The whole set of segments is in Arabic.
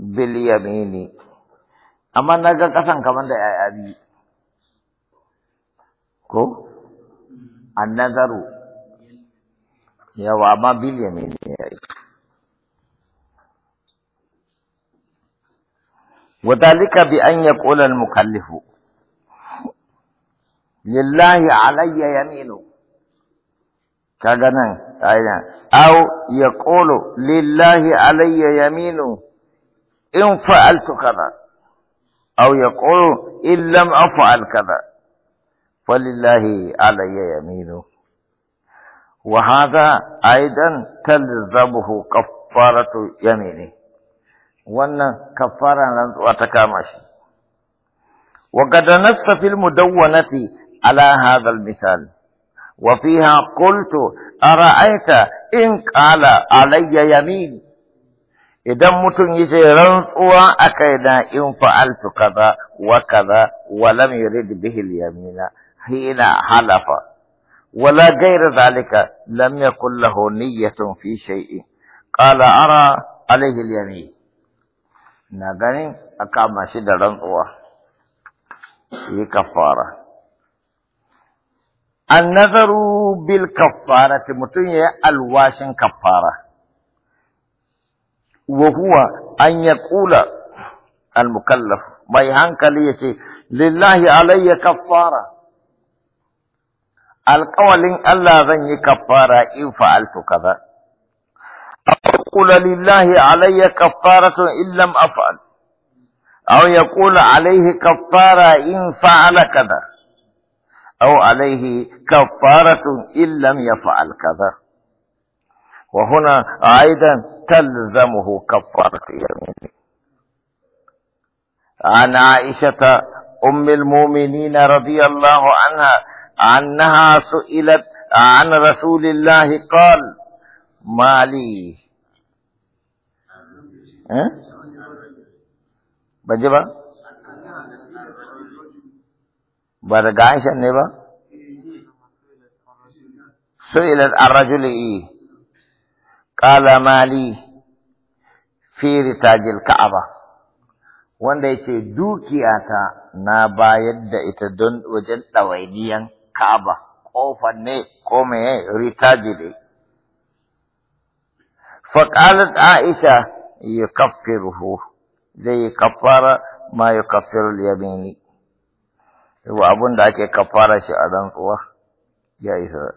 باليمين amma na ga ƙasan kamar da ‘ya'ya biyu ko an nazaru yawa amma biliyamin ne ya yi wadalika bi an ya ƙolar mukallifu lillahi alayya yaminu kaga nan aina au ya ƙolo lillahi alayya yaminu إن فعلت كذا أو يقول إن لم أفعل كذا فلله علي يمينه وهذا أيضا تلزمه كفارة يمينه وأن كفارة لن تتكامش وقد نص في المدونة على هذا المثال وفيها قلت أرأيت إن قال علي يمين idan mutum ya ce rantsuwa a kaina in fa'altu kaza wa kaza wa lam yurid bihi al-yamina hina halafa ولا غير ذلك لم يكن له نية في شيء قال أرى عليه اليمين نغني أقام شدة رنقوة هي كفارة النذر بالكفارة متنية الواشن كفارة وهو أن يقول المكلف ما ليسي لله علي كفارة القول ألا ذني كفارة إن فعلت كذا أو يقول لله علي كفارة إن لم أفعل أو يقول عليه كفارة إن فعل كذا أو عليه كفارة إن لم يفعل كذا وهنا أيضا تلزمه كفارة يمينه عن عائشة أم المؤمنين رضي الله عنها أنها سئلت عن رسول الله قال ما لي بجبا برد عائشة نبا سئلت عن رجل إيه قال ما لي firi tajil ka'aba wanda yace dukiyata na bayar da ita don wajen ɗawainiyan ka'aba ƙofar ne ko meye ritajile faƙalar aisha ya kafiru zai yi kafara ma ya kafiru yamini abun da ake kafara shi a rantsuwa ya isa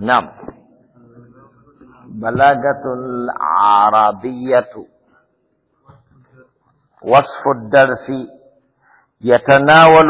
نعم بلاغة العربية وصف الدرس يتناول